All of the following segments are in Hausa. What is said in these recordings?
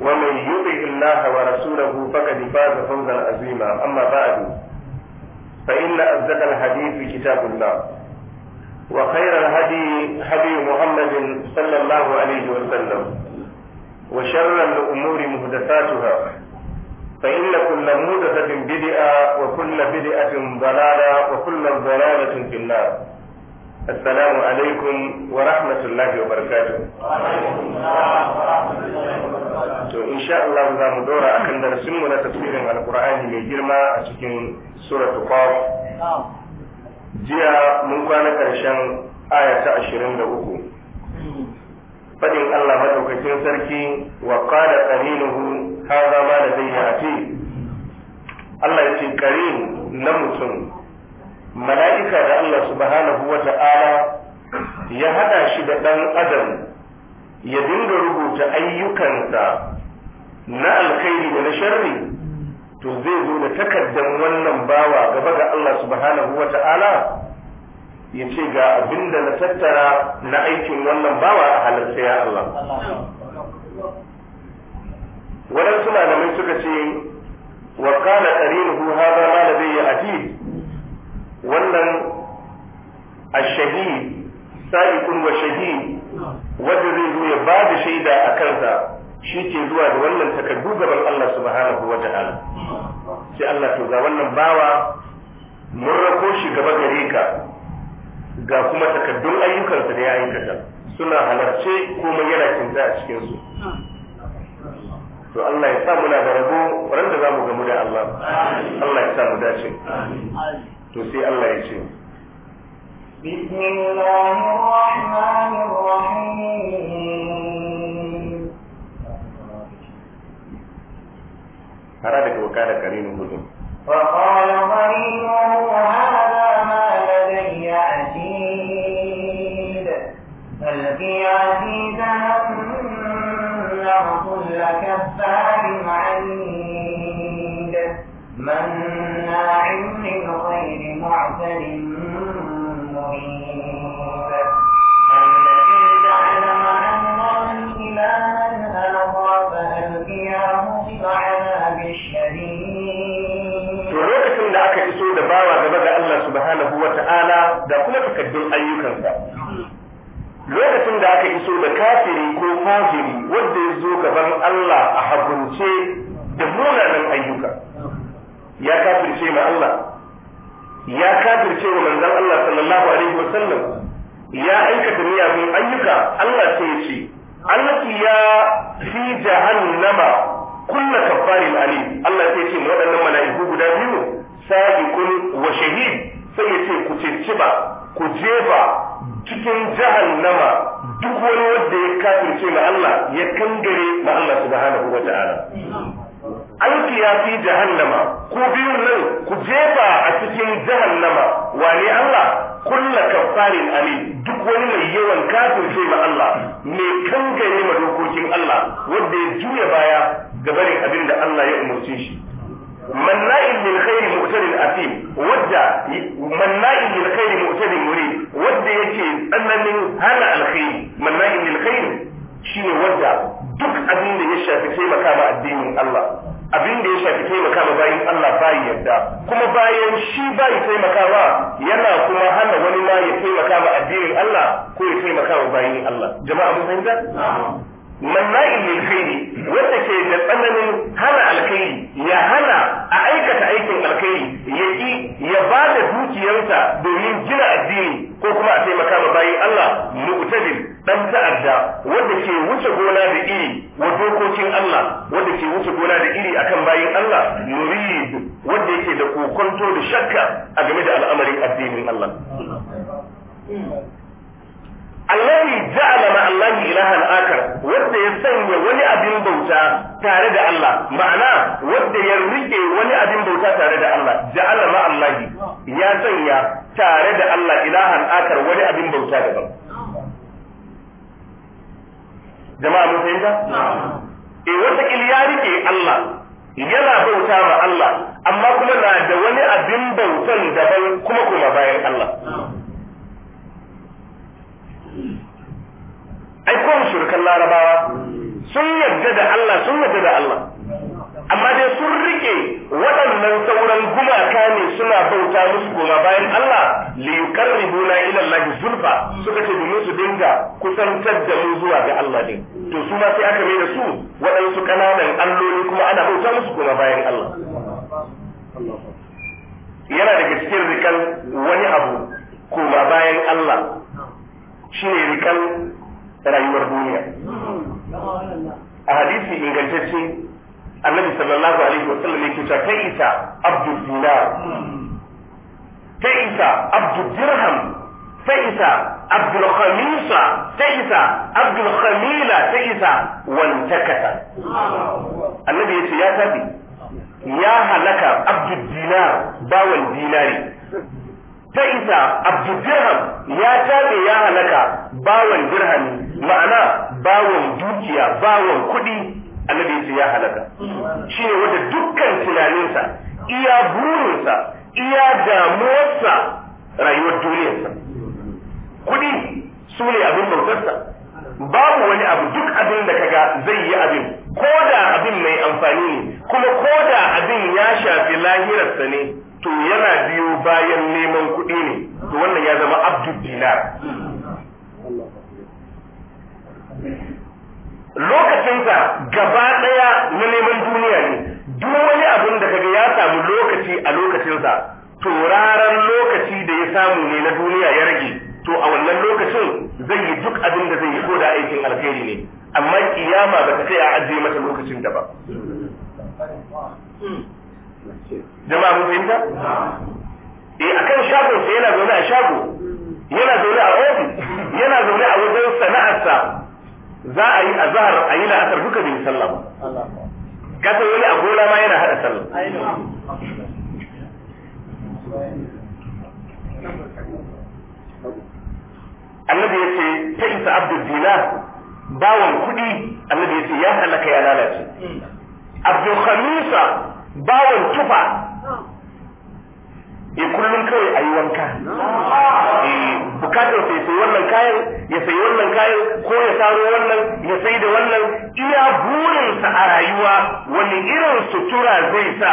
ومن يطع الله ورسوله فقد فاز فوزا عظيما اما بعد فان اصدق الحديث كتاب الله وخير الهدي هدي محمد صلى الله عليه وسلم وشر الامور محدثاتها فان كل محدثه بدعه وكل بدعه ضلاله وكل ضلاله في النار السلام عليكم ورحمة الله وبركاته to insha Allah za mu dora akan darasin mu na tafsirin alqur'ani mai girma a cikin suratul qaf jiya mun kwana karshen aya ta 23 fadin Allah madaukakin sarki wa qala qarinuhu hadha ma ladayya ati Allah ya ce karin na mutum mala'ika da Allah subhanahu wa ta'ala ya haɗa shi da ɗan adam ya dinga rubuta ayyukansa na alkhairi da na sharri to zai zo da takardar wannan bawa gaba ga Allah subhanahu wa ta'ala ya ce ga abin da na tattara na aikin wannan bawa a halarta ya Allah. waɗansu malamai suka ce wa kana qarinuhu hadha zai ya atid wannan a shahid sa'iqun wa shahid wanda zai zo ya ba da shaida a kansa shi ke zuwa da wannan takardu gaban Allah subhanahu wa ta'ala sai Allah to ga wannan bawa mun rako shi gaba gare ka ga kuma takardun ayyukansa da ya aikata suna halarce kuma yana kinta a cikin su to Allah ya sa muna da rabo ran da zamu gamu da Allah Allah ya sa mu dace to الله Allah بسم الله الرحمن الرحيم هذا وكان كريم هدوء وقال قريبه هذا ما لدي عتيد فالقي عتيدا نغض كفار عنيد من بأثر lokacin da aka iso da bawa gaba ga Allah subhana wa ta'ala da kuma takaddun ayyukansa lokacin da aka iso da kafiri ko fajiri wanda ya zo gaban Allah a hagunce da munanan ayyuka ya kafirce ma Allah ya kafirce wa manzon Allah sallallahu alaihi wasallam ya aikata miyagun ayyuka Allah sai ya ce ya fi jahannama kullu kafarin alim Allah sai ya ce waɗannan mala'iku guda biyu sabiqun wa shahid sai ce ku circiba ku jefa cikin jahannama duk wani wanda ya kafirce ma Allah ya kangare ma Allah subhanahu wa ta'ala aiki ya fi jahannama ku biyu nan ku jefa a cikin jahannama wane Allah kulla kafarin ali duk wani mai yawan kafin ma Allah mai kangare ma dokokin Allah wanda ya juya baya ga barin abin da Allah ya umarce shi manna'in min khairi mu'tadin asim wadda manna'in khairi mu'tadin wadda yake tsananin hana alkhairi manna'in min khairi shine wadda duk abin da ya shafi taimaka ma addinin Allah abin da ya shafi taimaka ma bayin Allah bai yadda kuma bayan shi bai taimakawa yana kuma hana wani ma ya taimaka ma addinin Allah ko ya taimaka ma bayin Allah jama'a mun fahimta manna'in lil khairi wanda ke da tsananin hana alkhairi ya hana a aikata aikin alkhairi ya ki ya ba da dukiyarsa domin gina addini ko kuma a taimaka ma bayin Allah mu'tadil dan ta'adda wanda ke wuce gona da iri wa dokokin Allah wanda ke wuce gona da iri akan bayin Allah murid wanda yake da kokonto da shakka a game da al'amarin addinin Allah Allah ja'ala ma Allah ilahan akar wanda ya sanya wani abin bauta tare da Allah ma'ana wanda ya rike wani abin bauta tare da Allah ja'ala ma Allah ya sanya tare da Allah ilahan akar wani abin bauta daban jama'a mun fahimta eh wata ya rike Allah yana bauta ma Allah amma kuma na da wani abin bautan daban kuma kuma bayan Allah ai ko mushrikan larabawa sun yarda da Allah sun yarda da Allah amma dai sun rike waɗannan sauran gumaka ne suna bauta musu goma bayan Allah li yuqarribuna ila Allah zulfa suka ce domin su dinga kusantar da mu zuwa ga Allah din to su ma sai aka mai da su waɗansu kananan alloli kuma ana bauta musu goma bayan Allah yana daga cikin rikan wani abu goma bayan Allah shine rikan rayuwar duniya a hadisi ingantacce annabi sallallahu alaihi wasallam yake cewa kai isa abdul dinar kai isa abdul dirham kai isa abdul khamisa kai isa abdul khamila kai isa wantakata annabi yace ya tabi ya halaka abdul dinar bawan dinari ta isa abdul dirham ya tabe ya halaka bawan dirhami ma'ana bawan dukiya bawan kudi annabi yace ya halaka ne wanda dukkan tunaninsa iya burinsa iya damuwarsa rayuwar duniyarsa kuɗi su ne abin bautarsa babu wani abu duk abin da kaga zai yi abin ko da abin mai amfani ne kuma ko da abin ya shafi lahirarsa ne to yana biyo bayan neman kuɗi ne to wannan ya zama abdul dinar lokacinsa gaba ɗaya na neman duniya ne duk wani abin da kaga ya samu lokaci a lokacinsa to raran lokaci da ya samu ne na duniya ya rage to a wannan lokacin zai yi duk abin da zai yi ko da aikin alheri ne amma kiyama ba ta kai a ajiye mata lokacin da ba jama'a mun fahimta eh akan shagon sa yana zaune a shago yana zaune a ofis yana zaune a wajen sana'arsa za a yi azhar a yi la'asar duka bin sallah kasa wani a gona ma yana hada sallah annabi yace ta isa abdul dinar bawan kudi annabi yace ya halaka ya lalace abdul khamisa bawan tufa ya kullum kawai yi wanka bukatar sai sai wannan kayan ya sai wannan kayan ko ya saro wannan ya sai da wannan iya burinsa a rayuwa wani irin sutura zai sa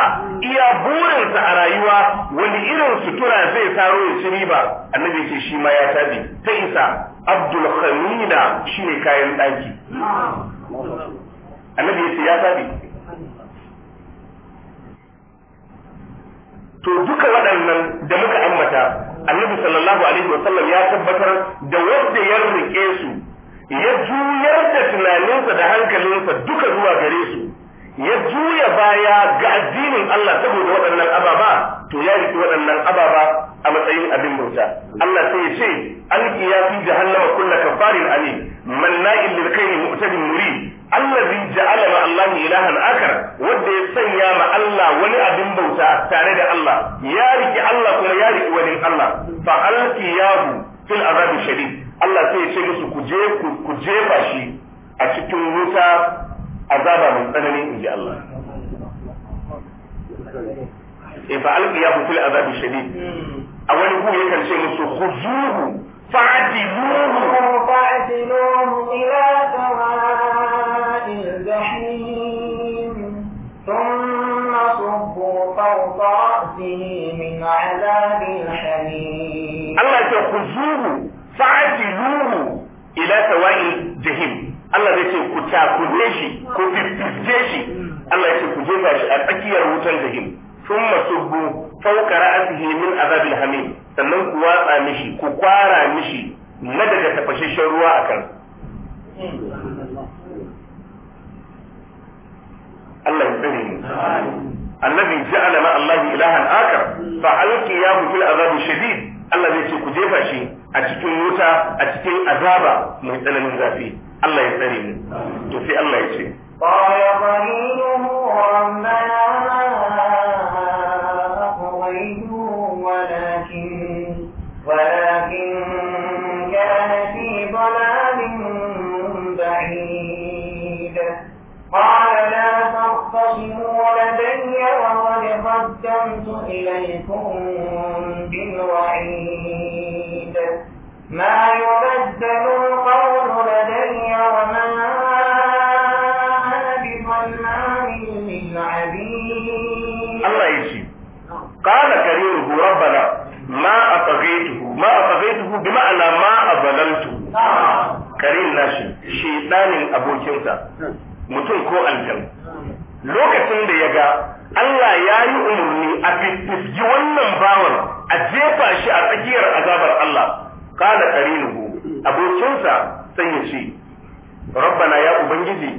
iya burinsa a rayuwa wani irin sutura zai saro ya ci riba annabi ce shi ma ya tabi ta isa abdul khamina ne kayan daki annabi ya ce ya tabi to duka waɗannan da muka ambata annabi sallallahu alaihi wa sallam ya tabbatar da wanda ya rike su ya juyar da tunaninsa da hankalinsa duka zuwa gare su ya juya baya ga addinin Allah saboda waɗannan ababa to ya rike waɗannan ababa a matsayin abin bauta Allah sai ya ce alqiya fi jahannama kullu ani alim manna'il lil khairi mu'tadin murid allazi ja'ala ma Allah ilahan akar wanda ya sanya ma Allah wani abin bauta tare da Allah ya riki Allah kuma ya riki wani Allah fa alqiyahu fil azab shadid Allah sai ya ce musu ku je ku jefa shi a cikin wuta azaba mai tsanani in inji Allah e fa alqiyahu fil azab shadid a wani ku yakan ce musu khuzuhu fa'adilu zuru fa'dilu ila sawa'il jahim Allah zai ce ku takure shi ku fiffice shi Allah ya ce ku jefa shi a tsakiyar wutar jahim thumma subbu fawqa ra'sihi min azabil hamim sannan ku watsa mishi ku kwara mishi na daga tafashashen ruwa akan Allah ya tsare mu annabi ja'ala ma Allah ilahan akar fa alqiyahu fil azab shadid Allah zai ce ku jefa shi a cikin wuta a cikin azaba mai tsananin zafi Allah ya tsare mu to sai Allah ya ce قال ترجعوا لدي وقد قدمت إليكم بالوعيد ما يبدل القول لدي وما أنا بظلام للعبيد الله يجيب قال كريمه ربنا ما أطغيته ما أطغيته بمعنى ما أضللته كريم ناشد شيطان أبو كنسا mutum ko aljan lokacin da ya ga Allah ya yi umarni a fiski wannan bawan a jefa shi a tsakiyar azabar Allah kada ni ku abokinsa sai ya ce rabbana ya ubangiji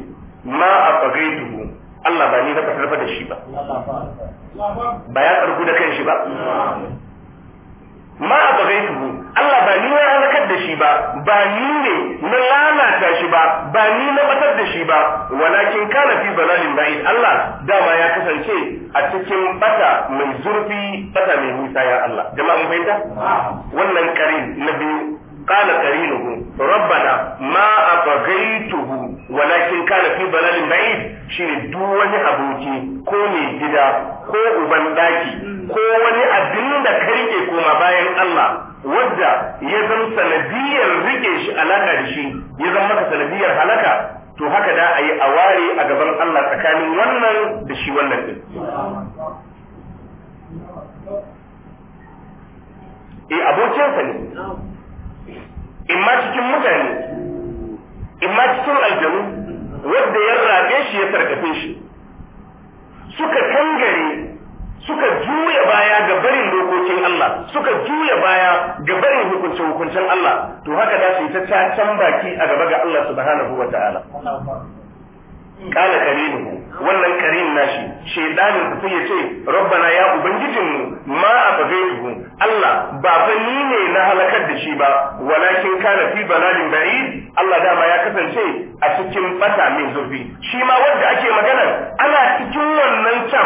ma a fagaituhu Allah ba ni na fatarfa da shi ba ba ya tsarku da kan shi ba ma a Allah ba ni na halakar da shi ba ba ni ne na lalata shi ba ba ni na batar da shi ba walakin kana fi balalin ba'id Allah dama ya kasance a cikin bata mai zurfi bata mai nisa ya Allah jama'a mun fahimta wannan karin na biyu قال قرينه ربنا ما أبغيته ولكن كان في ضلال بعيد شيء دون أبوكي كوني جدا ko uban daki ko wani abin da ka rike koma bayan Allah wadda ya zama sanadiyar rike shi alaka da shi ya zama maka sanadiyar halaka to haka da a yi a ware a gaban Allah tsakanin wannan da shi wannan eh abokinsa ne imma cikin mutane imma cikin aljanu wanda ya rabe shi ya sarkafe shi suka kangare suka juya baya ga barin dokokin Allah suka juya baya ga barin hukuncin hukuncin Allah to haka da su yi ta can baki a gaba ga Allah subhanahu wa ta'ala kala karimu wannan karim nashi shedanin ku ya ce rabbana ya ubangijinmu ma a afafetuhu Allah ba fa ni ne na halakar da shi ba walakin kana fi baladin ba'id Allah dama ya kasance a cikin bata min zurfi shi ma wanda ake magana ana cikin wannan ta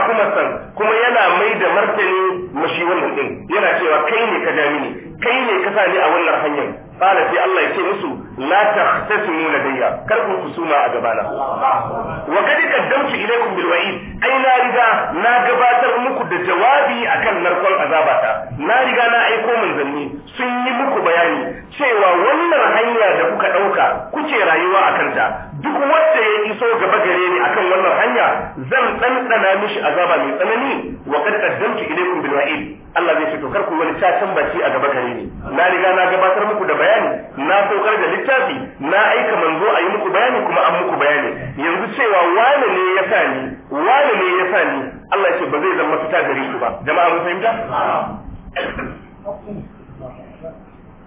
kuma yana mai da martani mashi wannan din yana cewa kai ne ka dami ni, kai ne ka sa a wannan hanyar qala sai Allah ya ce musu la tahtasimu ladayya kar ku kusuma a gabana wa kad qaddamtu ilaykum bil wa'id ai na riga na gabatar muku da jawabi akan narkon azabata na riga na aiko zanni sun yi muku bayani cewa wannan hanya da kuka dauka kuke rayuwa a ta duk wanda ya iso gaba gare ni akan wannan hanya zan ɗanɗana mishi azaba mai tsanani wa kad qaddamtu ilaykum bil wa'id Allah zai ce to kar ku wani cacan baki a gaba gare ni na riga na gabatar muku da bayani na kokar da littafi littafi na aika manzo a yi muku bayani kuma an muku bayani yanzu cewa wane ne ya sa ni wane ne ya sa ni Allah ce ba zai zama fita gare ku ba jama'a mun fahimta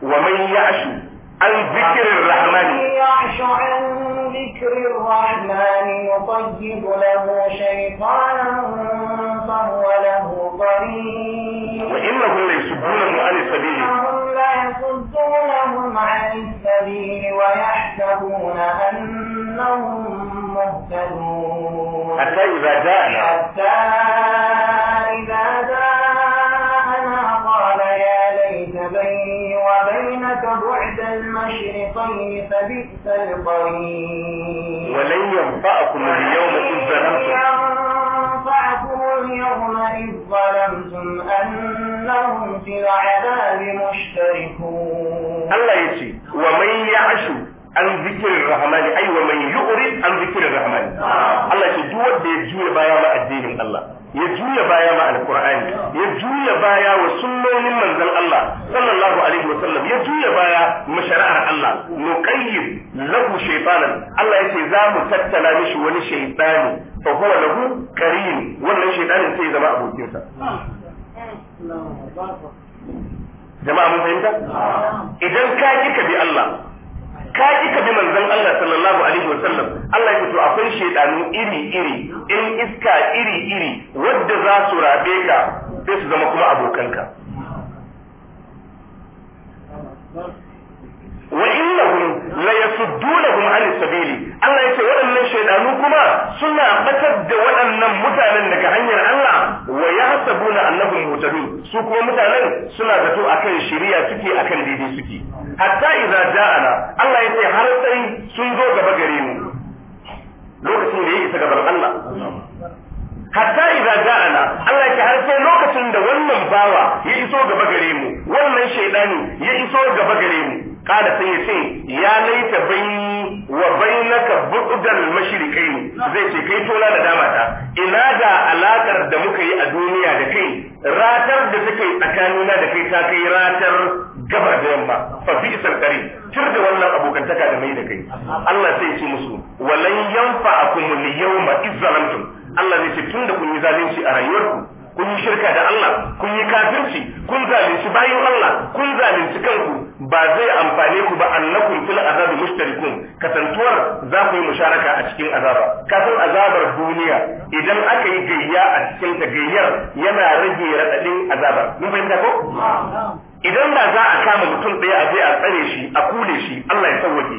wa man ya'shu an zikrir rahman ya'shu an zikrir rahman yuqayyib lahu shaytanan fa huwa lahu qarin wa innahum la yusubbuna an sabili يصدونهم عن السبيل ويحسبون أنهم مهتدون حتى إذا جاءنا حتى إذا جاءنا قال يا ليت بيني وبينك بعد المشرقين فبئس القرين ولن ينفعكم اليوم إذ ظلمتم ولن ينفعكم اليوم إذ ظلمتم أن أنهم في العذاب مشتركون الله يجي ومن يعش an zikirin rahmani ai wa man yu'rid an zikirin rahmani Allah ce duk ya juya baya ma addinin Allah ya juya baya ma alqur'ani ya juya baya wa sunnonin manzon Allah sallallahu alaihi wa sallam ya juya baya mashara'ar Allah nuqayyib lahu shaytanan Allah yace za mu tattala mishi wani shaytani fa huwa wannan shaytanin sai ya zama abokinsa jama'a mun fahimta idan ka kika ka bi Allah ka kika ka bi manzon Allah sallallahu alaihi wasallam Allah ya to akwai shedanu iri iri in iska iri iri wadda za su rabe ka sai su zama kuma abokanka wa innahum la yasuddunahum an sabili Allah yace waɗannan shaydanu kuma suna batar da waɗannan mutanen daga hanyar Allah wa yahsabuna annahum muhtadun su kuma mutanen suna zato akan shari'a suke akan daidai suke hatta idza ja'ana Allah yace har sai sun zo gaba gare mu lokacin da ya isa gaban Allah hatta idza ja'ana Allah ya har sai lokacin da wannan bawa ya iso gaba gare mu wannan shaydani ya iso gaba gare mu kada sai ya ce ya laita bai wa bainaka bu'dal mashirikai. zai ce kai tola da dama ta ina da alakar da muka yi a duniya da kai ratar da take tsakanina da kai ta kai ratar gabar da yamma fa fi isal qarin tur da wannan abokantaka da mai da kai Allah sai ya ce musu walan yanfa'akum al-yawma iz zalamtum Allah zai ce tunda kun yi zalunci a rayuwarku kun yi shirka da Allah kun yi kafirci kun zalunci bayan Allah kun zalunci kanku ba zai amfane ku ba annakum fil azab mushtarikun kasantuwar za ku yi musharaka a cikin azaba kafin azabar duniya idan aka yi gayya a cikin ta gayyar yana rage radadin azaba mun fahimta ko idan ba za a kama mutum ɗaya a je a tsare shi a kule shi Allah ya sauwake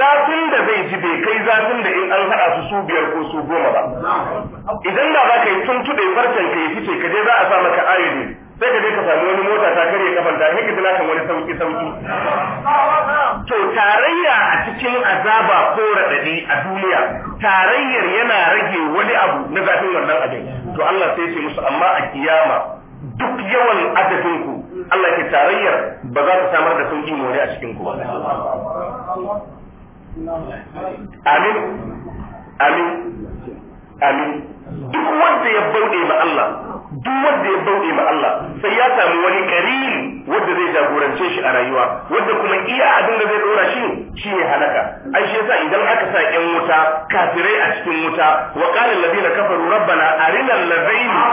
zafin da zai ji bai kai zafin da in an haɗa su su biyar ko su goma ba idan da za ka yi tuntuɗe farcen ka ya fice ka je za a sa maka sai ka je ka sami wani mota ta karye kafan ta haka da kan wani sauki sauki to tarayya a cikin azaba ko radadi a duniya tarayyar yana rage wani abu na zafin wannan abin to Allah sai ce musu amma a kiyama duk yawan adadin ku Allah ke tarayyar ba za ta samar da sauki more a cikin ku amin amin amin duk wanda ya bauɗe ma Allah duk wanda ya bauɗe ma Allah sai ya samu wani karim wanda zai jagorance shi a rayuwa wanda kuma iya abin da zai dora shi ne halaka ai shi yasa idan aka sa ƴan wuta kafirai a cikin wuta wa qala alladhina kafaru rabbana arina alladhina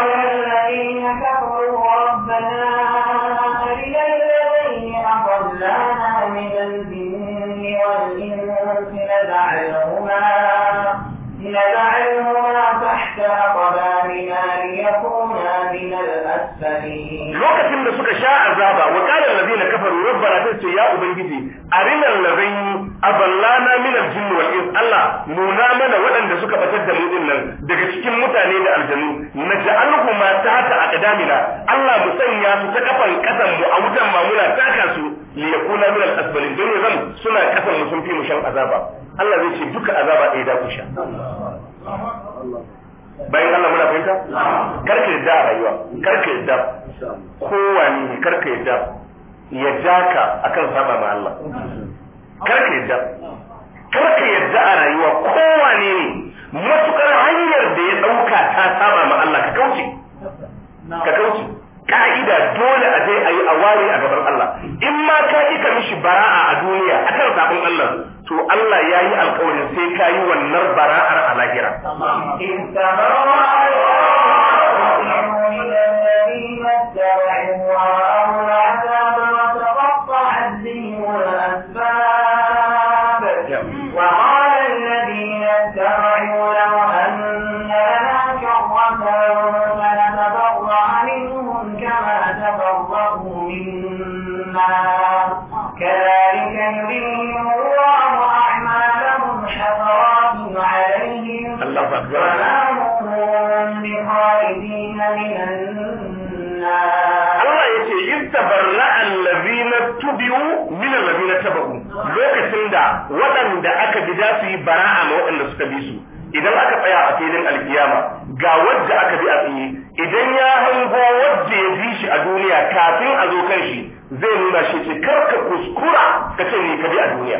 sha azaba wa qala allazina kafaru rabbana tace ya ubangiji arina allazina aballana min aljin wal ins Allah nuna mana waɗanda suka batar da mu dinnan nan daga cikin mutane da aljanu naj'alhu ma tahta aqdamina Allah mu sanya su ta kafan kasan mu a wutan mamula taka su li yakuna min al-asfalin don suna kasan mu sun fi mu shan azaba Allah zai ce duka azaba ɗaya da ku sha bayan Allah muna fahimta karke da rayuwa karke da. kowane ne karka yadda ya ja ka akan saba ma Allah karka yadda karka yadda a rayuwa kowane ne matukar hanyar da ya dauka ta saba ma Allah ka kauce ka kauce ka'ida dole a zai a yi ware a gaban Allah in ma ka yi ka mishi bara'a a duniya a kan sabon Allah to Allah ya yi alkawarin sai ka yi wannan bara'ar a lahira. ورأوا العذاب وتقطعت بهم الأسباب وقال الذين اتبعوا لو أن لنا كرة فنتبرأ منهم كما تبرأوا منا كذلك يريهم الله أعمالهم حسرات عليهم الله أكبر bara'a ma waɗanda suka bi su idan aka tsaya a filin alkiyama ga wadda aka bi a tsaye idan ya hango wadda ya bi shi a duniya kafin a zo kan shi zai nuna shi ce kar ka kuskura ka ce ni ka bi a duniya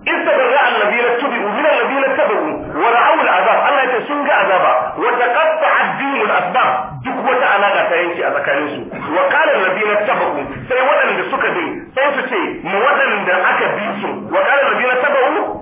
استبرأ الذين اتبعوا من الذين اتبعوا azab العذاب الله يتي sun ga azaba wa taqatta'at addinin asbab duk wata alaka ta yanki a tsakaninsu su wa qala tabau sai waɗanda suka bi sai su ce mu waɗanda aka bi su wa qala tabau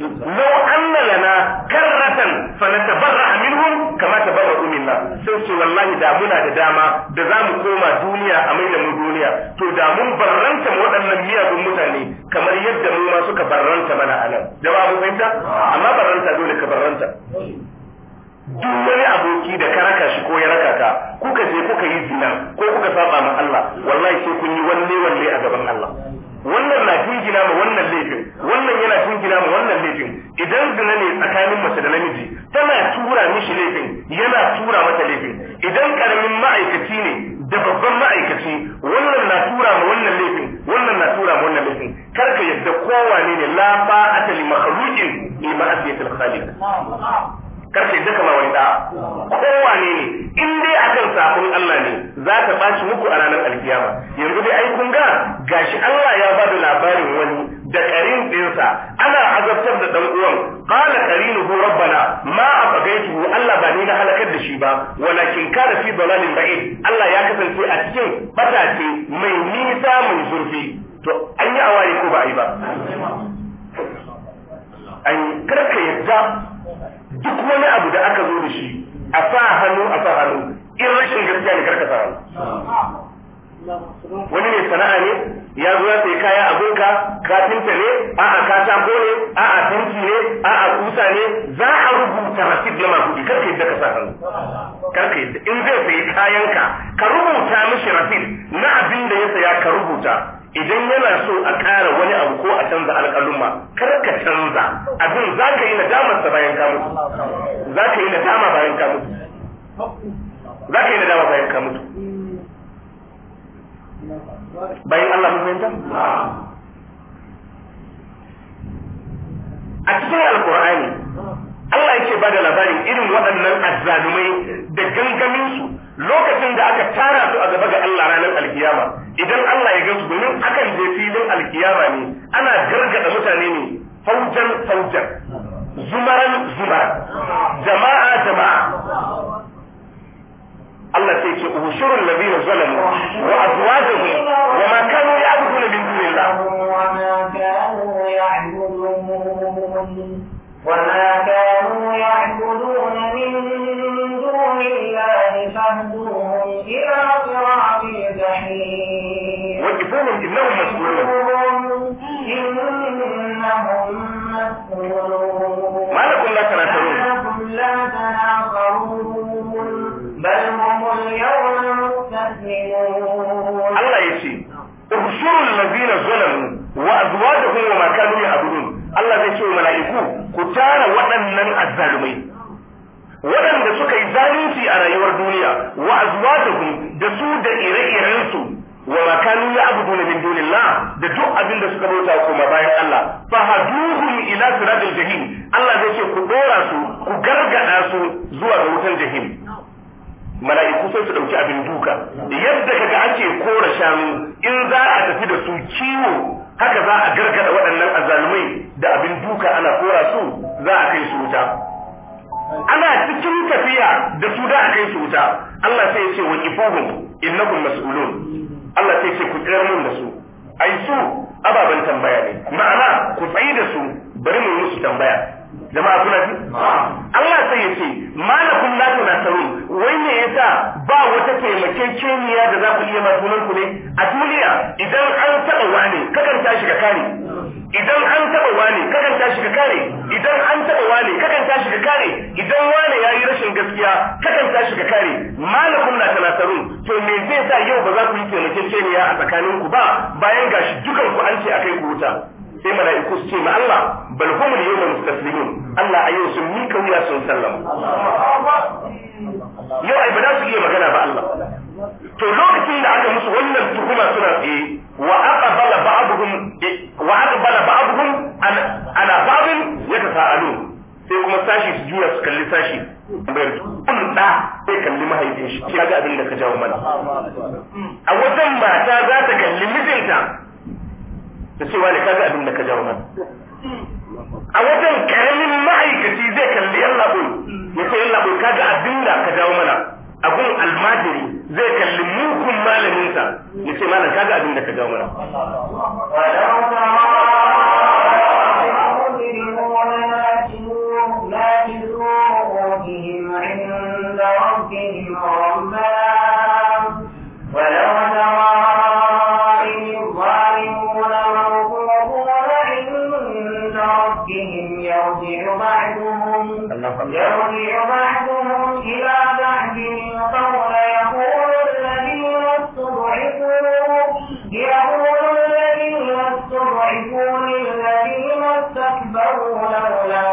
لو أن لنا كرة فنتبرع منهم كما تبرأوا منا سيسي والله دامنا دداما دزام كوما دنيا أمين من دنيا تو دامون برنت مودنا ميا بمتاني كما يبدأ من سك برنت منا أنا جواب فهمت أما برنت دولك برنت duk wani aboki da ka raka shi ko ya raka ka kuka je kuka yi zina ko kuka saba ma Allah wallahi sai kun yi wanne wanne a gaban Allah wannan na jingina ma wannan laifin wannan yana jingina ma wannan laifin idan zina ne tsakanin mace da namiji tana tura mishi laifin yana tura mata laifin idan karamin ma'aikaci ne da babban ma'aikaci wannan na tura ma wannan laifin wannan na tura ma wannan laifin kar ka yadda kowane ne la ba'ata li makhluqin li ma'asiyatil khaliq kar ka ma wani da kowane ne in dai akan safin Allah ne za ka bashi muku a ranar alkiyama yanzu dai ai kun ga gashi Allah ya ba da labarin wani da karin dinsa ana azabtar da dan uwan qala qarinuhu rabbana ma afagaitu Allah ba ni na halakar da shi ba walakin kana fi dalalin ba'id Allah ya kasance a cikin batace mai nisa mai zurfi to an yi ko ba a ba an karka yadda duk wani abu da aka zo da shi a sa hannu a sa hannu in rashin gaskiya ne karka sa hannu wani ne sana'a ne ya zo ya sai kaya ka kafinta ne a'a katako ne a'a tanki ne a'a kusa ne za a rubuta rasid na masu ka yadda ka sa hannu ka yadda in zai sayi kayan ka rubuta mishi rasid na abin da ya saya ka rubuta idan yana so a ƙara wani abu ko a canza alƙaluma kar ka canza abin za ka yi nadamarsa bayan ka mutu za ka yi nadama bayan ka mutu za ka yi nadama bayan ka mutu bayan Allah mu fahimta a cikin alƙur'ani Allah yake ba da labarin irin waɗannan azzalumai da gangamin su lokacin da aka tara su a gaba ga Allah ranar alkiyama idan Allah ya gansu domin akan je filin alkiyama ne ana gargada mutane ne faujan faujan zumaran zumaran jama'a jama'a Allah sai ce ushurul ladina zalamu wa azwajuhum Allah zai ce mala'iku ku tara waɗannan azzalumai waɗanda suka yi zalunci a rayuwar duniya wa azwajuhum da su da ire-irensu wa ya kanu ya'buduna min dunillah da duk abin da suka bauta kuma bayan Allah fa haduhum ila siratil jahim Allah zai ce ku dora su ku gargada su zuwa ga wutan jahim mala'iku sai su ɗauki abin duka yadda kaga ake kora shanu in za a tafi da su ciwo haka za a gargada waɗannan azalumai da abin duka ana kora su za a kai su wuta ana cikin tafiya da su da a kai su wuta Allah sai ya ce wa ifuhum innakum mas'ulun Allah sai ya ce ku tsayar mun da su ai su ababen tambaya ne ma'ana ku tsayi da su bari mu musu tambaya jama'a kuna ji Allah sai ya ce malakum la tunasarun wai ne yasa ba wata taimakekeniya da za ku iya ma sunan ku ne a duniya idan an taɓa wani kakan tashi shiga kare idan an taba wane kakan tashi ka kare idan an taba wane kakan tashi ka kare idan wane yayi rashin gaskiya kakan tashi ka kare malakum na tanasarun to me zai sa yau ba za ku yi taimakekeniya a tsakanin ku ba bayan gashi dukan ku an ce akai ku wuta sai mala'iku su ce ma Allah bal humul yawma mustaslimun Allah a yau sun mika wuya sun sallama yau ai ba za su iya magana ba Allah to lokacin da aka musu wannan tuhuma suna tsaye wa aqbala ba'dhum wa aqbala ba'dhum ala sai kuma sashi su jura su kalli sashi bayar kun da sai kalli mahaifin shi ga abin da ka jawo mana a wajen mata za ta kalli mijinta ta ce wani ga abin da ka jawo mana a wajen karamin ma'aikaci zai kalli yan labo ya ce yan labo ga abin da ka jawo mana a gun almajiri zai kalli mugun malaminsa ya ce malam kaga abin da ka ga mana عند ولو ترى يرجع بعضهم يرجع بعضهم إلى بعض القول يقول الذين استضعفوا يقول الذين استضعفوا للذين استكبروا لولا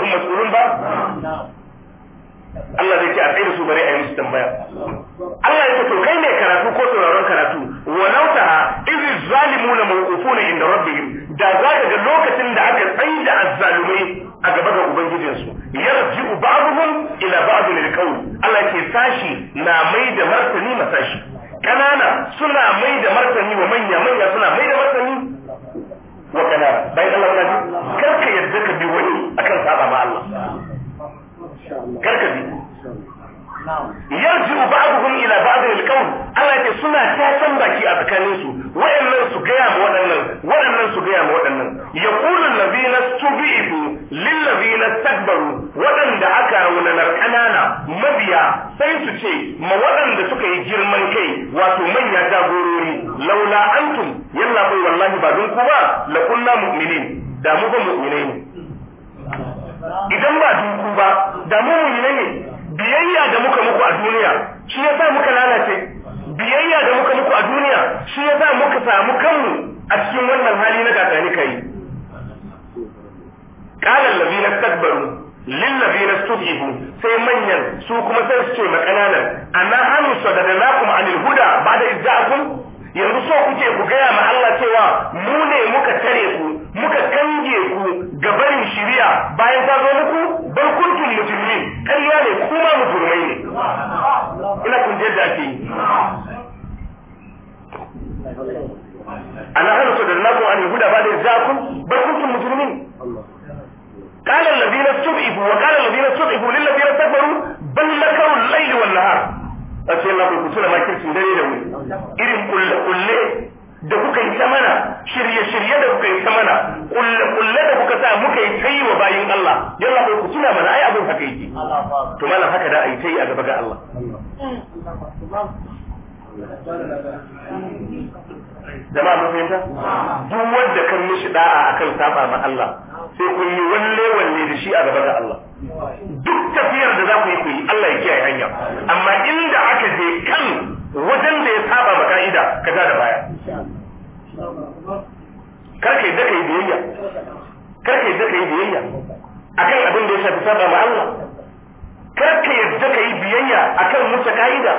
annahum mas'ulun ba Allah zai ce a tsaye da su bare a yi musu tambaya Allah ya ce to kai ne karatu ko sauraron karatu wa walau zalimu na, zalimuna na, inda rabbihim da za ka ga lokacin da aka tsayi da azzalumai a gaba ga ubangijinsu yarji'u ba'dhum ila ba'dhin al-qawl Allah ke sashi na mai da martani masashi kanana suna mai da martani wa manya manya suna mai da martani wa kanana bai Allah wani kar ka yadda ka bi wani akan saba ma Allah karkabi yarji ba'dhum ila ba'd al-qawl Allah ya suna ta san baki a tsakanin su waɗannan su gaya ma waɗannan waɗannan su gaya ma wadannan yaqulu allazina stubi'u lil ladina stakbaru waɗanda aka raunanar kanana mabiya sai su ce ma waɗanda suka yi girman kai wato manya jagorori laula antum yalla bai wallahi ba dun ku ba la kunna mu'minin da mu ba mu'minai ne idan ba duku ba da mu ne biyayya da muka muku a duniya shi yasa muka lalace biyayya da muka muku a duniya shi yasa muka samu kanmu a cikin wannan hali na gagani kai qala allazina lil lillazina studhibu sai manyan su kuma sai su ce ma anna hanu sadadnakum anil huda ba'da idza'akum yanzu so kuke ku gaya ma Allah cewa mu ne muka tare ku muka kange ku ga barin shiriya bayan ta zo muku barkuntun kuntum ne kuma musulmai ne ina kun je da ake yi ana hana su da nakon an yahuda ba da zakun bal kuntum قال الذين استضعفوا وقال الذين استضعفوا للذين كفروا بل مكروا الليل والنهار أتي الله بكتنا ما كنت دليل إذن قل قل da kuka yi ta mana shirye-shirye da kuka yi ta mana kulle da kuka sa muka yi ta yi wa bayin Allah yalla ko ku tuna mana ai abin haka yake to malam haka da ta yi a gaba ga Allah jama'a mun fahimta duk wanda kan mishi da'a akan saba ma Allah sai kun yi walle walle da shi a gaba ga Allah duk tafiyar da za ku yi ku yi Allah ya kiyaye hanya amma inda aka je kan wajen da ya saba ma ka'ida ka da baya kar ka yadda yi biyayya ka yi biyayya kan abin da ya shafi saba Allah kar ka yadda yi biyayya akan wuce ka'ida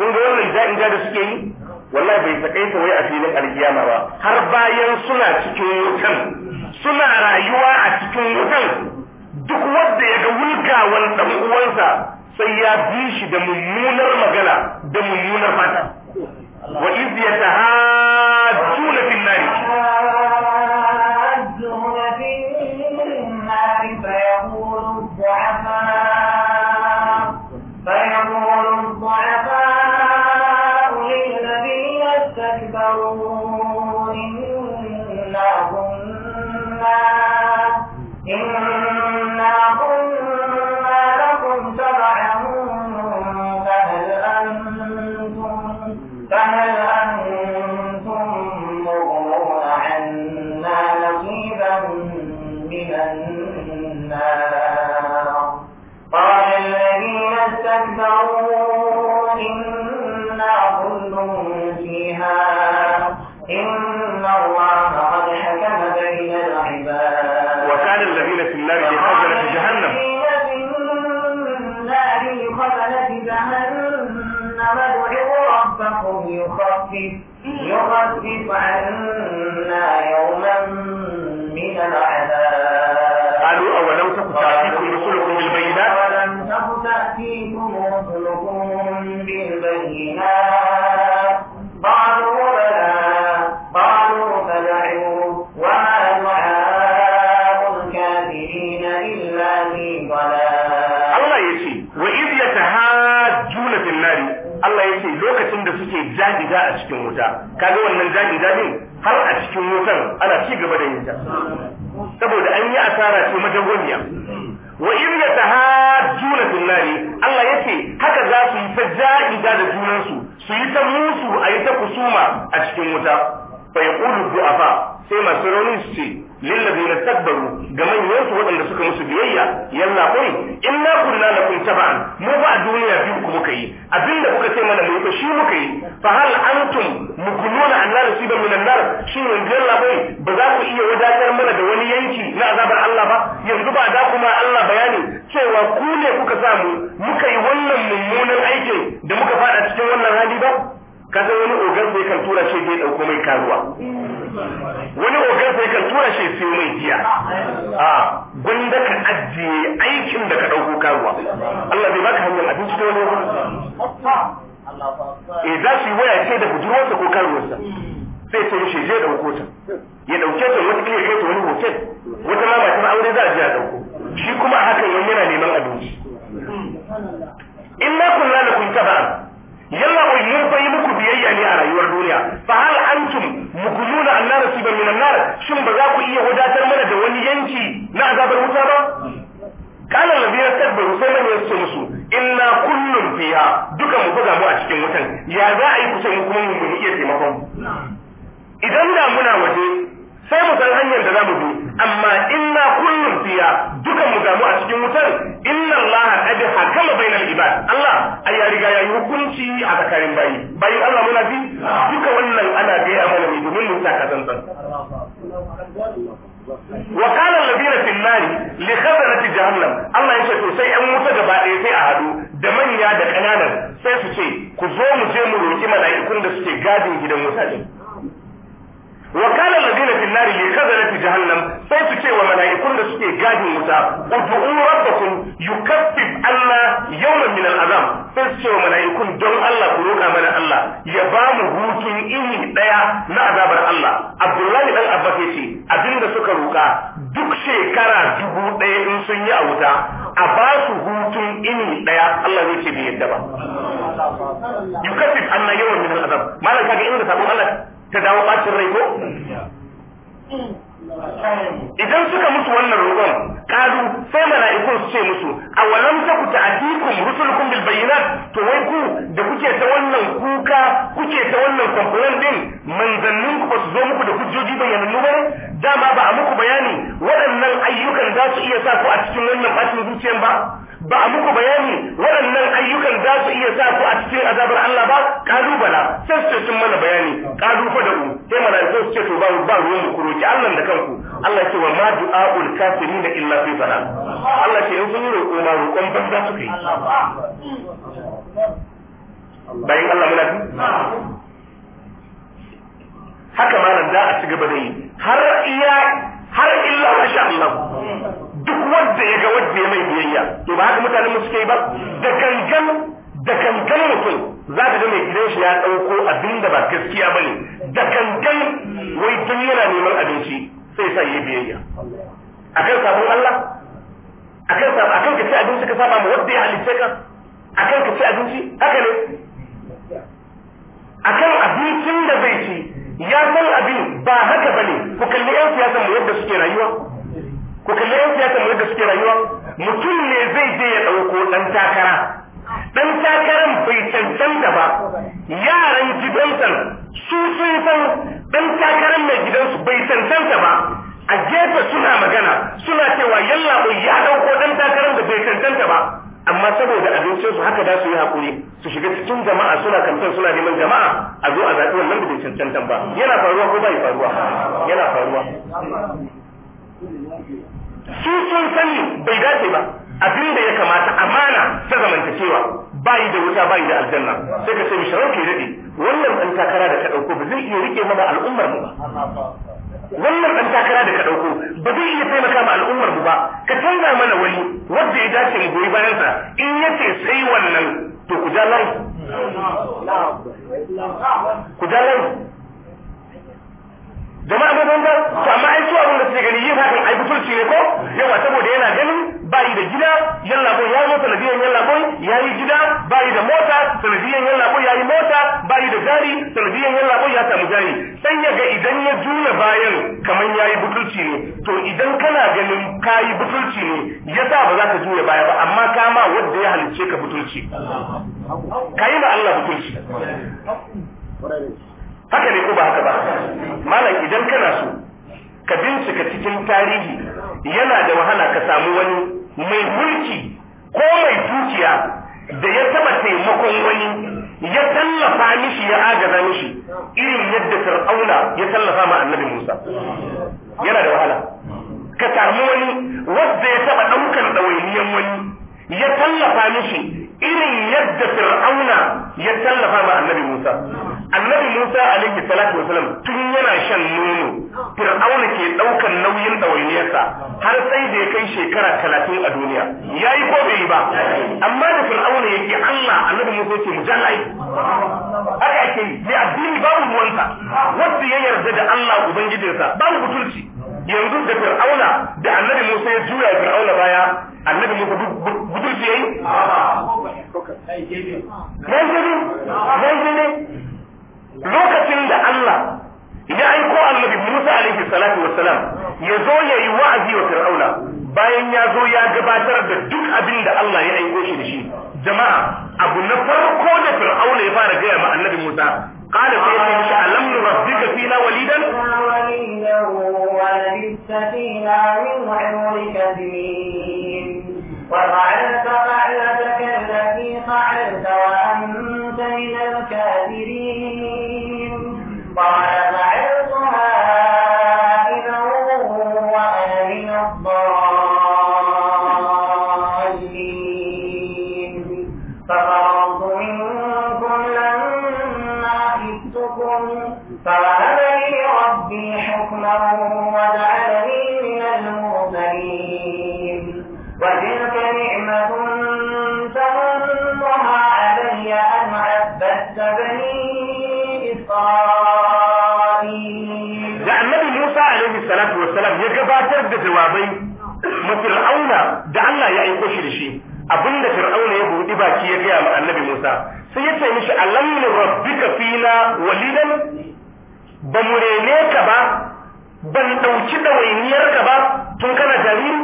kun ga wannan ja'in da suke yi wallahi bai takaita wai a filin alkiyama ba har bayan suna cikin wutan suna rayuwa a cikin wutan duk wanda ya ga wulkawan dan uwansa sai ya bi shi da mummunar magana da mummunar fata wa iz yatahajjuna fi الضعفاء فيقول الضعفاء للذين استكبروا إنا كنا إنا كنا لكم تبعا فهل أنتم فهل wuta kaga wannan daɗin jajin har a cikin wutan ana ci gaba da yin ta saboda an yi asara ce madawwamiya wa in tahajjuna fil nari Allah yake haka za su yi ta jaji da junansu su yi ta musu a yi ta kusuma a cikin wuta fa a fa sai masu rauni su ce lillazina takbaru ga manyan su waɗanda suka musu biyayya yalla kai inna kunna lakum tab'an mu ba duniya biyu ku muka yi abinda kuka ce mana mu shi muka yi fa hal antum mukununa an la nasiba min an-nar shi yanzu yalla kai ba za ku iya wadatar mana da wani yanci na azabar Allah ba yanzu ba da kuma Allah bayani cewa ku ne kuka mu muka yi wannan mummunan aikin da muka faɗa cikin wannan hali ba kaza wani kan tura shi zai dauko mai karuwa wani ogar sai kan tura shi sai mai jiya a gwanda ka ajiye aikin da ka dauko karuwa Allah bai baka hanyar abinci ta wani eh za su yi waya ce da budurwarsa ko karuwarsa sai ce mishi je dauko ta ya dauke ta wata kila kai ta wani hotel wata ma matar aure za a je a dauko shi kuma a hakan yana neman abinci in na kunna da kun taba yalla wai mun muku biyayya ne a rayuwar duniya fa hal antum mukuluna anna nasiba min an-nar shin ba za ku iya wadatar mana da wani yanki na azabar wuta ba kana labira tabbaru sai mun ce musu inna kullun fiha duka mu buga mu a cikin wutan ya za a yi kusa mu kuma mu iya taimakon idan da muna waje sai mu san hanyar da zamu bi amma inna kullum fiya dukan mu gamu a cikin wutar inna Allah qad hakama bainal ibad Allah ai ya riga ya yi hukunci a tsakanin bayi bayi Allah muna bi duka wannan ana ga ya mana domin mu taka tsantsan wa qala alladhina fi an li khazanati jahannam Allah yace to sai an wuta gaba ɗaya sai a hadu da manya da kananan sai su ce ku zo mu je mu roki mala'ikun da suke gadin gidan wuta din wa kana ladina fil nari li khazanati jahannam sai su ce wa mala'ikun da suke gadin wuta ud'u rabbakum yukaffif anna yawman min al'azab sai su ce wa mala'ikun don Allah ku roka mana Allah ya ba mu hutun ini daya na azabar Allah Abdullahi dan Abbas yace abinda suka roka duk shekara dubu ɗaya in sun yi a wuta a ba su hutun ini ɗaya Allah zai ce bai yadda ba yukaffif anna yawan min al'azab malam kaga inda sabon Allah ta dawo bacin rai ko idan suka musu wannan roƙon ƙaru sai mala'ikun su ce musu a walam ta ku ta'atikum rusulukum bil bayyinat to wai ku da kuke ta wannan kuka kuke ta wannan complaint din manzannin ku ba su zo muku da hujjoji bayyanannu ba dama ba a muku bayani waɗannan ayyukan za su iya sa ku a cikin wannan bacin zuciyan ba ba a muku bayani waɗannan ayyukan za su iya sa ku a cikin azabar Allah ba kalubala sai su cin mana bayani kalufa da ku sai malaiku su ce to ba ba ruwan ku roki Allah da kanku Allah ce wa ma du'aul kafirin illa fi dalal Allah ce in sun roƙo ma roƙon banza su kai bayan Allah muna fi haka malam za a ci gaba da yi har iya har illa masha Allah duk wanda ya ga wanda ya mai biyayya to ba haka mutanen mu suke ba da gangan da gangan mutum za ka ga mai gidan shi ya dauko abin da ba gaskiya bane. da gangan wai tun yana neman abinci sai sa yi biyayya akan sabon Allah akan akan ka ci abinci ka saba ma wanda ya halice ka akan ka ci abinci haka ne akan abincin da zai ci ya san abin ba haka bane ku kalli yan siyasa mu yadda suke rayuwa ku kalli yan siyasa mu da suke rayuwa mutum ne zai je ya ɗauko ɗan takara ɗan takaran bai cancanta ba yaran gidansa su sun san ɗan takaran mai gidansu bai cancanta ba a gefe suna magana suna cewa yalla ya ɗauko ɗan takaran da bai cancanta ba amma saboda abincin su haka da su yi hakuri su shiga cikin jama'a suna kamfan suna neman jama'a a zo a zaɓi wannan da bai cancanta ba yana faruwa ko bai faruwa yana faruwa su sun sani bai dace ba abin da ya kamata amana ta zamantakewa bayi da wuta bayi da aljanna sai ka ce mu ranka ke daɗe wannan ɗan takara da ka ɗauko ba zai iya rike mana al'ummar mu ba wannan ɗan takara da ka ɗauko ba zai iya taimaka ma al'ummar mu ba ka canza mana wani wanda ya dace mu goyi bayan sa in ya ce sai wannan to ku ja ku ja jama'a ko ba to amma ai su abin da suke gani yin hakan ai butulci ne ko yawa saboda yana ganin bayi da gida yalla ko ya zo sanadiyan yalla ko yayi gida bayi da mota sanadiyan yalla ko yayi mota bayi da jari sanadiyan yalla ko ya samu jari sai ya ga idan ya juya bayan kamar yayi butulci ne to idan kana ganin kayi butulci ne yasa ba za ka juya baya ba amma kama wanda ya halicce ka butulci kayi ma Allah butulci haka ne ko ba haka ba malam idan kana so ka bincika cikin tarihi yana da wahala ka samu wani mai mulki ko mai zuciya da ya taba taimakon wani ya tallafa mishi ya agaza mishi irin yadda fir'auna ya tallafa ma annabi Musa yana da wahala ka samu wani wanda ya taba ɗaukan dawainiyan wani ya tallafa mishi irin yadda fir'auna ya tallafa ma annabi Musa annabi Musa alaihi salatu wasalam tun yana shan nono Fir'auna ke daukan nauyin dawainiyarsa har sai da ya kai shekara talatin a duniya yayi ko bai yi ba amma da Fir'auna yake Allah annabi Musa ce mujallai haka ake yi mai addini babu ruwansa wanda ya yarda da Allah ubangijinsa babu butulci yanzu da Fir'auna da annabi Musa ya juya Fir'auna baya annabi Musa butulci yayi Mun ne? mun lokacin da Allah ya aiko annabi Musa alaihi salatu wassalam ya zo ya yi wa'azi wa Fir'auna bayan ya zo ya gabatar da duk abin da Allah ya aiko shi da shi jama'a abu na farko da Fir'auna ya fara gaya ma annabi Musa قال سيدنا شاء لم نربك فينا وليدا ولبثت فينا من عمرك سنين وفعلت فعلتك التي بعض عرضها da jawabai mafir'auna da Allah ya aiko shi da shi abinda fir'auna ya buɗi baki ya gaya ma annabi Musa sai ya ce mishi alam rabbika fina walidan ba mu rene ka ba ban ɗauki ɗawainiyarka ka ba tun kana jariri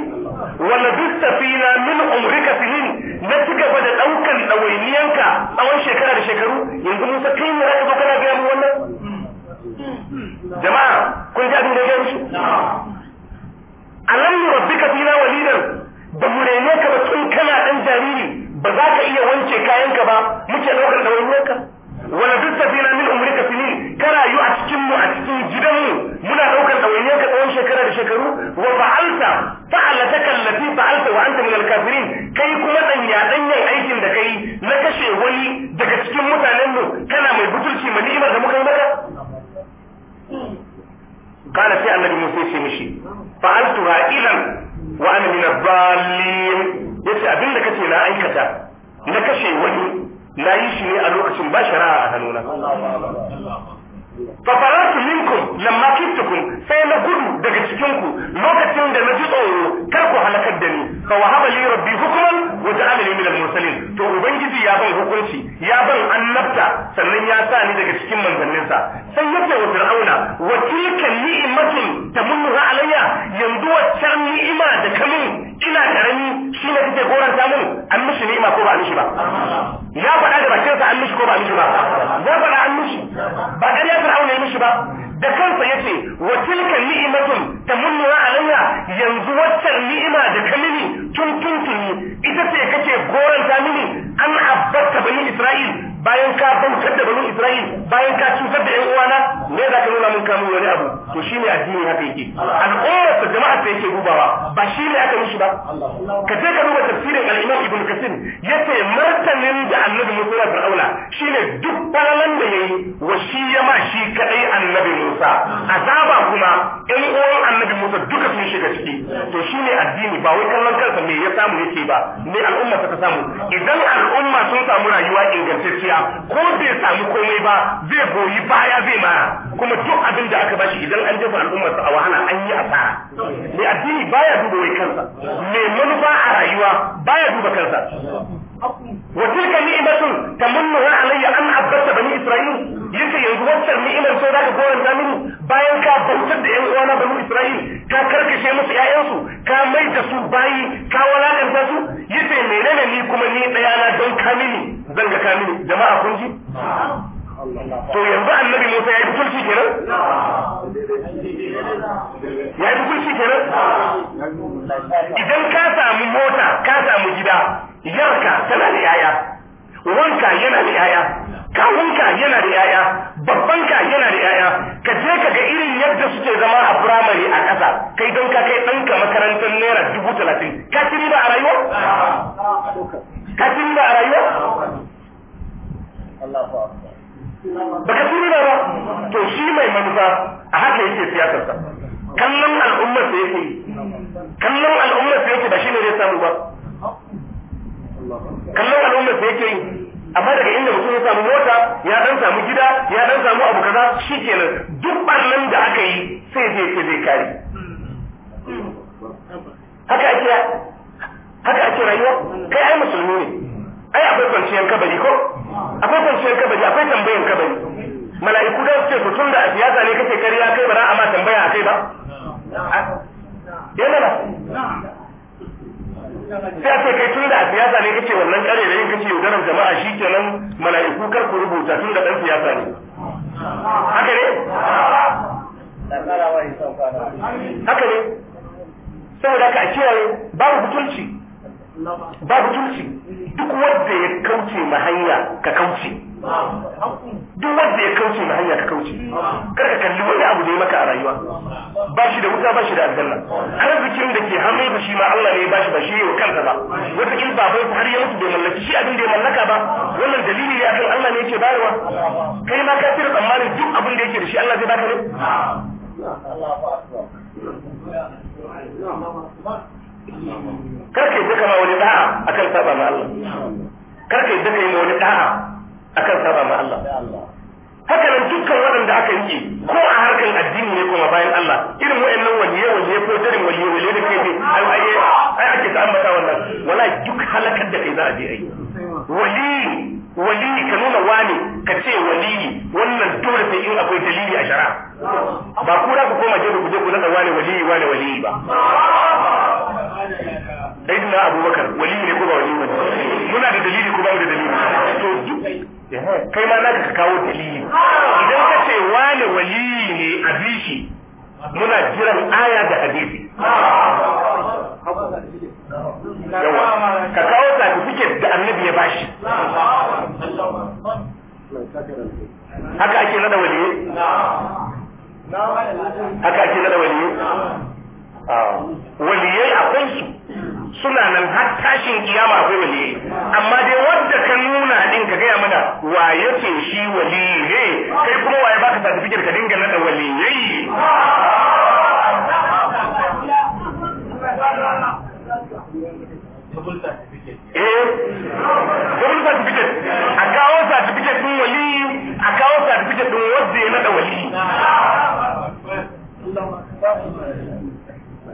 wala bista fina min umrika sinin na ci gaba da ɗaukan ka tsawon shekara da shekaru yanzu Musa kai ne zaka zo kana mu wannan jama'a kun ji abin da ya alam rabbika fina walidan ba mu rene ka ba tun kana dan jariri ba za ka iya wanke kayanka ba muke daukar da wayonka wala dutta fina min umrika sinin kana yu a cikin mu a cikin mu muna daukar da wayonka tsawon shekara da shekaru wa fa'alta fa'alataka allati fa'alta wa anta min kafirin kai kuma dan ya dan yayi aikin da kai na kashe wani daga cikin mutanen mu kana mai butulci ma ni'imar da muka yi maka قال في النبي موسى مشي fa'altuha idan wa ana min ad yace abin da kace na aikata na kashe wani na yi shi ne a lokacin ba shari'a a hannuna fa faratu minkum lamma kittukum sai na gudu daga cikin ku lokacin da na ji tsoro kar ku halakar da ni fa wahaba li rabbi hukman wa ja'ala min al-mursalin to ya ban hukunci ya ban annabta sannan ya sa ni daga cikin manzanninsa sai yake wa fir'auna wa tilka ni'matun tamunnuha alayya yanzu waccan ni'ima da kamun ina karami shi ne kake ta mun an mishi ni'ima ko ba mishi ba ya faɗa da bakinsa an mishi ko ba mishi ba ya faɗa an mishi ba ƙarya fir'auna ya mishi ba da kansa yace wa tilka ni'matun tamunnuha alayya yanzu waccan ni'ima da kalimi tun tun ita ce kake goranta mini an abbata bani isra'il bayan ka bautar da bani Isra'il bayan ka cutar da ƴan uwana me za ka nuna mun kamun wani abu to shine addini haka yake al'ummar ta jama'a ta yake dubawa ba shine aka mishi ba ka je ka duba tafsirin al-Imam Ibn Kathir yace martanin da Annabi Musa ya Fir'auna shine duk balalan da yayi wa shi ya ma shi kadai Annabi Musa azaba kuma ƴan uwan Annabi Musa duka sun shiga ciki to shine addini ba wai kallon kansa me ya samu yake ba ne al'umma ta samu idan al'umma sun samu rayuwa ingantacciya gaskiya ko bai samu komai ba zai goyi baya zai mara kuma duk abin da aka bashi idan an jefa al'ummar sa a wahala an yi asara mai addini baya duba wai kansa mai manufa a rayuwa baya duba kansa wa tilka ni'matun tamannuha alayya an abbata bani isra'il yace yanzu wannan ni'imar so zaka goranta mini bayan ka bautar da yan uwana bani isra'il ka karkashe musu ƴaƴansu ka mai da su bayi ka idan ka samu mota ka samu gida yarka tana da yaya wanka yana da yaya kawunka yana da yaya babbanka yana da yaya ka je ka ga irin yadda suke zama a firamare a ƙasa kai don ka kai ɗanka makarantar naira dubu talatin ka ci riba a rayuwa ka ci riba a rayuwa baka ci riba ba to shi mai manufa a haka yake siyasarsa kallon al'ummar da yake yi kallon al'ummar da yake ba shine zai samu ba kallon al'ummar da yake yi amma daga inda mutum ya samu mota ya dan samu gida ya dan samu abu kaza shikenan duk barnan da aka yi sai zai ce zai kare haka ake haka ake rayuwa kai ai musulmi ne ai akwai kwanciyar kabari ko akwai kwanciyar kabari akwai tambayar kabari mala'iku da suke mutum da a siyasa ne kake kariya kai ba za a ma tambaya a kai ba yana ba sai a ce kai tun da a siyasa ne kake wannan kare da yin kake yaudarar jama'a shi nan mala'iku kar ku rubuta tun da dan siyasa ne haka ne haka ne saboda ka kiyaye babu butulci babu butulci duk wanda ya kauce ma hanya ka kauce duk wanda ya kauce na hanya ta kauce kar ka kalli wani abu da ya maka a rayuwa ba shi da wuta ba shi da aljanna zikin da ke hannu da shi ma Allah ne ya bashi ba shi ya kanta ba wata in bai har ya mutu bai mallaki shi abin da ya mallaka ba wannan dalili ne akan Allah ne yake bayarwa kai ma ka tsira tsammanin duk abin da yake da shi Allah zai baka ne kar ka yi duka ma wani da'a akan saba ma Allah kar ka yi duka yi ma wani da'a akan saba ma Allah haka nan dukkan waɗanda aka yi ko a harkar addini ne kuma bayan Allah irin wa'annan waliye waliye ko jirin waliye waliye da ke bi ai ai ake ta ambata wannan wala duk halakar da kai za a je ai wali wali ka nuna wani ka ce wali wannan dole sai in akwai dalili a shara ba ku da ku koma je ku je ku nada wani wali wani wali ba Sayyidina Abubakar wali ne ko ba wali ba muna da dalili ko ba mu da dalili to duk kai ma naka ka kawo dalili idan ka ce wani waliyi ne a bishi muna jiran aya da hadisi yawa ka kawo certificate da annabi ya bashi haka ake nada ne haka ake nada ne ah, waliyai a su suna nan har tashin kiyama akwai waliyi amma dai wanda ka nuna din ka gaya mana wa yake shi waliyi ne kai kuma waye baka certificate ka dinga nada waliyai eh double certificate a kawo certificate ɗin wali a kawo certificate ɗin wanda ya nada wali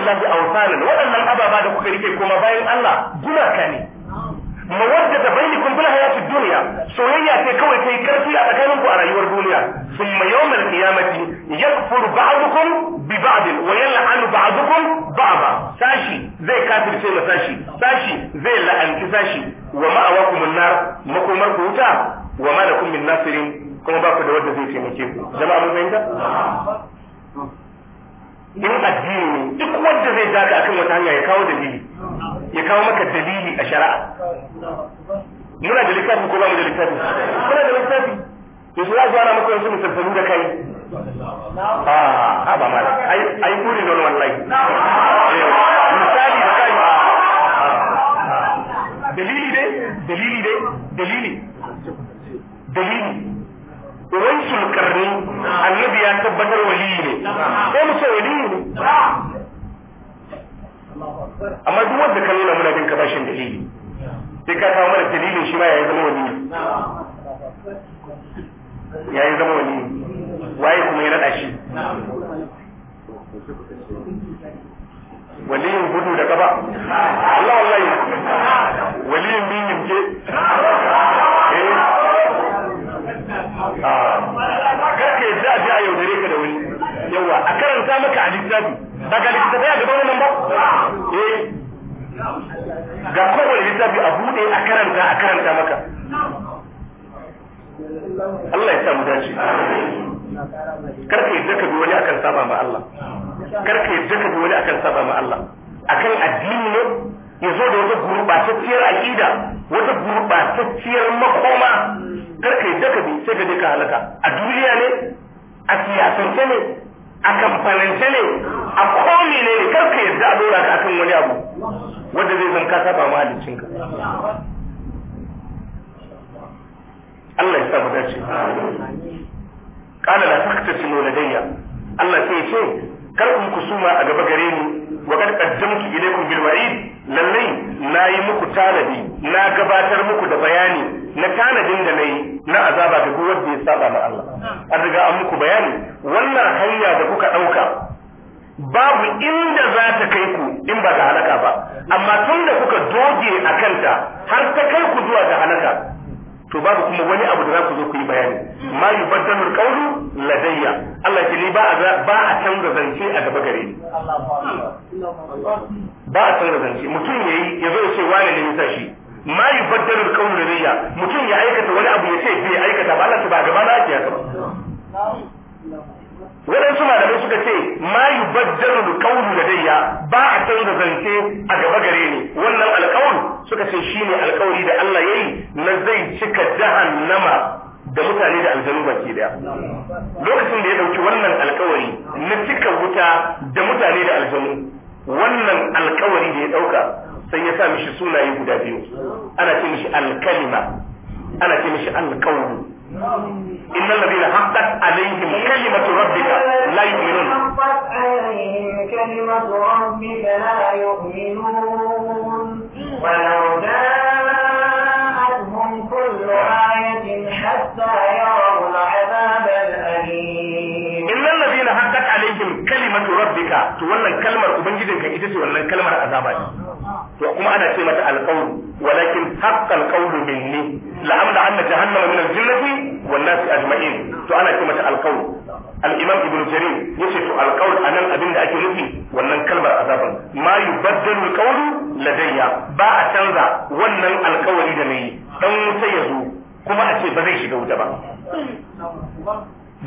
dunillahi awsanan waɗannan ababa da kuka rike kuma bayan Allah gumaka ne mawaddata bainakum bil hayatid dunya soyayya ce kawai ta yi karfi a tsakaninku a rayuwar duniya thumma yawmal qiyamati yakfuru ba'dukum bi ba'd wa yal'anu ba'dukum ba'da sashi zai kafirce ma sashi sashi zai la'anci sashi wa ma'awakum an-nar makomar ku wuta wa malakum min nasirin kuma ba ku da wanda zai taimake ku jama'a mun fahimta in addini duk wanda zai ja ka akan wata hanya ya kawo dalili ya kawo maka dalili a shari'a muna da littafi ko ba mu da littafi muna da littafi yanzu za a zuwa maka wasu musulmanu da kai ah, ha, ba ma ai kuri don wallahi misali da kai ah, ah. dalili dai dalili dai dalili dalili wankin karni annabi ya tabbatar wali ne amma duk wanda ka nuna muna bin ka bashin dalili sai ka samu mana dalilin shi ma yi zama wani ya yi zama wani waye kuma ya rada shi waliyin gudu da gaba Allah Allah waliyin bin yimke eh ah kake a ji a yaudare yawa a karanta maka a littafi ba ga littafi a gaban wannan ba eh ga kowane littafi a bude a karanta a karanta maka Allah ya samu dace karka yadda ka bi wani akan saba ma Allah karka yadda ka bi wani akan saba ma Allah akan addini ne ya zo da wata gurbatacciyar aƙida wata gurbatacciyar makoma karka yadda ka bi sai ka je ka halaka a duniya ne a siyasance ne a kamfanance ne a komi ne ne kar ka yadda a dora ka akan wani abu wanda zai zan kasa ba mahalicin ka Allah ya sa mu dace fakta la taqtasimu ladayya Allah sai ce kar ku kusuma a gaba gare ni wa kad qaddamtu ilaykum bil wa'id lallai na yi muku talabi, na gabatar muku da bayani na tanadin da nayi na azaba ga duk wanda ya saba ma Allah an riga an muku bayani wannan hanya da kuka ɗauka babu inda za ta kai ku in ba da halaka ba amma tun da kuka doge a kanta har ta kai ku zuwa da halaka to babu kuma wani abu da za ku zo ku yi bayani ma yubaddalu alqawlu ladayya Allah ya ni ba a ba a canza zance a gaba gare ni ba a canza zance mutum ya yazo ya ce wani ne yasa shi ma yubaddalu alqawlu ladayya mutum ya aikata wani abu ya ce bai aikata ba Allah ce ba gaba na ake haka ba waɗansu malamai suka ce ma yi bajjaru da da dayya ba a canza zance a gaba gare ni wannan alkawun suka ce shi ne alkawari da Allah ya yi na zai cika jahannama da mutane da aljanu baki daya lokacin da ya ɗauki wannan alkawari na cika wuta da mutane da aljanu wannan alkawari da ya ɗauka sai ya sa mishi sunaye guda biyu ana ce mishi alkalima ana ce mishi alkawari إن الذين حقت عليهم كلمة ربك لا يؤمنون حقت عليهم كلمة ربك لا يؤمنون ولو جاءتهم كل آية حتى يروا العذاب الأليم إن الذين حقت عليهم كلمة ربك تولى الكلمة أبنجدك ربك تولى الكلمة عذابا to kuma ana ce mata alqawl walakin haqqa alqawl minni la amla anna jahannama min al wan nasi ajma'in to ana ce mata alqawl al-imam ibn jarir yace to a anan abin da ake nufi wannan kalmar azaban ma yubaddalu alƙawru ladayya ba a canza wannan alƙawari da nayi dan wuta yazo kuma a ce ba zai shiga wuta ba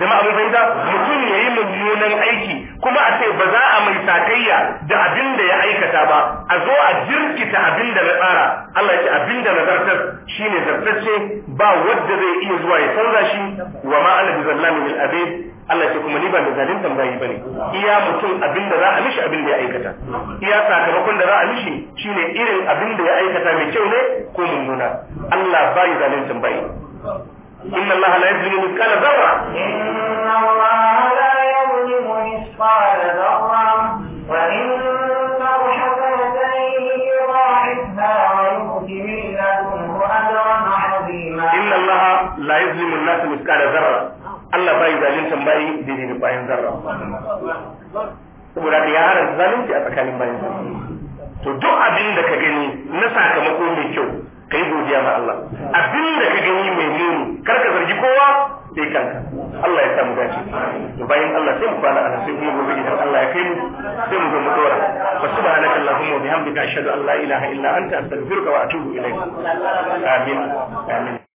jama'a mun fahimta mutum yayi mummunan aiki kuma a ce ba za a mai sakayya da abin da ya aikata ba a zo a jirkita abin da na tsara Allah ce abin da na zartar shine zartacce ba wadda zai iya zuwa ya canza shi wa ma ana bizallamin lil abid Allah ce kuma ni ba da zalintan bayi bane iya mutum abin da za a mishi abin da ya aikata iya sakamakon da za a mishi shine irin abin da ya aikata mai kyau ne ko mummuna Allah bai zalintan tambayi. إن الله لا يظلم مثقال ذرة إن الله لا يظلم مثقال ذرة وإن يضاعفها ويؤتي من لدنه أجرا عظيما إن الله لا يظلم الناس مثقال ذرة Allah bai zalunta bai da bayan zarra. Saboda ya haramta zalunci a tsakanin bayan zarra. To duk abin da ka gani na sakamako mai kyau ka yi godiya ma Allah abin da ka gani mai nuni kar ka zargi kowa sai kanka Allah ya sa mu dace to bayan Allah sai mu kwana a sai kuma gobe idan Allah ya kai mu sai mu zo mu dora wa subhanaka allahumma wa bihamdika ashhadu an la ilaha illa anta astaghfiruka wa atubu ilaik amin amin